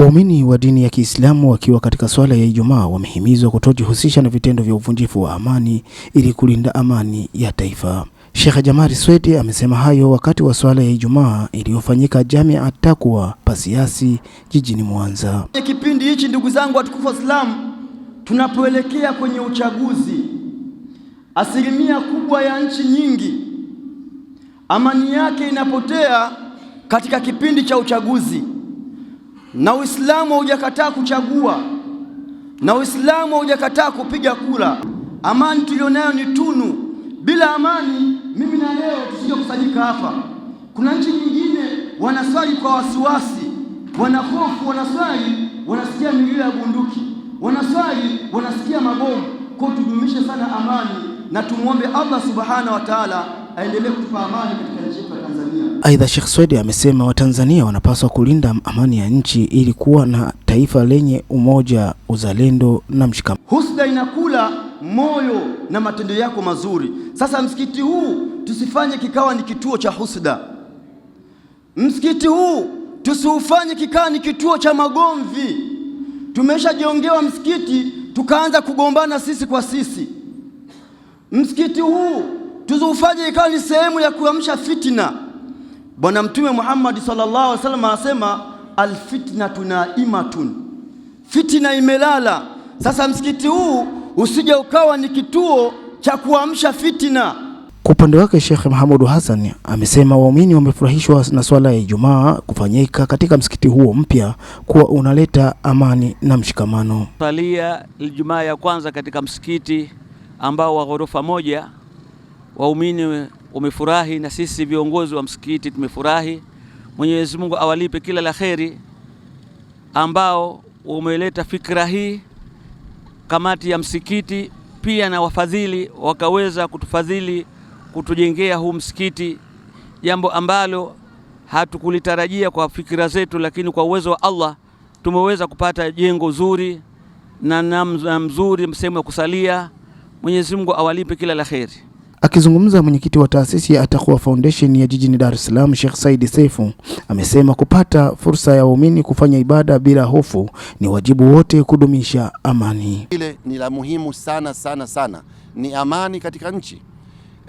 Waumini wa dini ya Kiislamu wakiwa katika swala ya Ijumaa wamehimizwa kutojihusisha na vitendo vya uvunjifu wa amani ili kulinda amani ya taifa. Sheikh Jamari Swedi amesema hayo wakati wa swala ya Ijumaa iliyofanyika Jamia Takwa Pasiasi jijini Mwanza. Kipindi hichi ndugu zangu watukufu islamu tunapoelekea kwenye uchaguzi, asilimia kubwa ya nchi nyingi amani yake inapotea katika kipindi cha uchaguzi na Uislamu haujakataa kuchagua na Uislamu haujakataa kupiga kura. Amani tulionayo ni tunu. Bila amani, mimi na leo tusijokusanyika hapa. Kuna nchi nyingine wanaswali kwa wasiwasi, wanahofu, wanaswali wanasikia milio ya bunduki, wanaswali wanasikia mabomu. Kwa tudumishe sana amani na tumwombe Allah subhanahu wa taala aendelee kutupa amani katika Aidha, Sheikh Swedi amesema Watanzania wanapaswa kulinda amani ya nchi ili kuwa na taifa lenye umoja, uzalendo na mshikamano. Husda inakula moyo na matendo yako mazuri. Sasa msikiti huu tusifanye kikawa ni kituo cha husda. Msikiti huu tusiufanye kikawa ni kituo cha magomvi. Tumeshajiongewa msikiti tukaanza kugombana sisi kwa sisi. Msikiti huu tusiufanye ikawa ni sehemu ya kuamsha fitina. Bwana Mtume Muhammad sallallahu alaihi wasallam anasema alfitnatu naimatun, fitina imelala. Sasa msikiti huu usije ukawa ni kituo cha kuamsha fitina. Kwa upande wake Sheikh Muhammadu Hassan amesema waumini wamefurahishwa na swala ya Ijumaa kufanyika katika msikiti huo mpya kuwa unaleta amani na mshikamano. Salia Ijumaa ya kwanza katika msikiti ambao wa ghorofa moja, waumini umefurahi na sisi viongozi wa msikiti tumefurahi. Mwenyezi Mungu awalipe kila la kheri ambao umeleta fikra hii, kamati ya msikiti pia na wafadhili wakaweza kutufadhili kutujengea huu msikiti, jambo ambalo hatukulitarajia kwa fikira zetu, lakini kwa uwezo wa Allah tumeweza kupata jengo zuri na namna mzuri, sehemu ya kusalia. Mwenyezi Mungu awalipe kila la kheri. Akizungumza, mwenyekiti wa taasisi ya Atakuwa Foundation ya jijini Dar es Salaam, Sheikh Said Seifu amesema kupata fursa ya waumini kufanya ibada bila hofu ni wajibu wote kudumisha amani. Ile ni la muhimu sana sana sana, ni amani katika nchi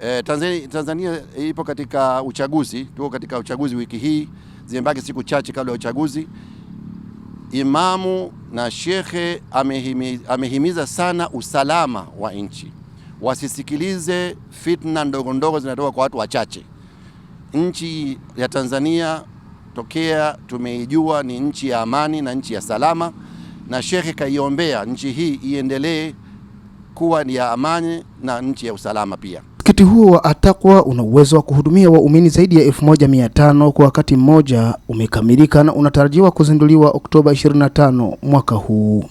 e, Tanzania, Tanzania ipo katika uchaguzi, tuko katika uchaguzi wiki hii, zimebaki siku chache kabla ya uchaguzi. Imamu na shekhe amehimiza, amehimiza sana usalama wa nchi wasisikilize fitna ndogo ndogo zinatoka kwa watu wachache. Nchi ya Tanzania tokea tumeijua ni nchi ya amani na nchi ya salama, na shekhe kaiombea nchi hii iendelee kuwa ni ya amani na nchi ya usalama pia. Msikiti huo wa Atakwa una uwezo wa kuhudumia waumini zaidi ya 1500 kwa wakati mmoja, umekamilika na unatarajiwa kuzinduliwa Oktoba 25 mwaka huu.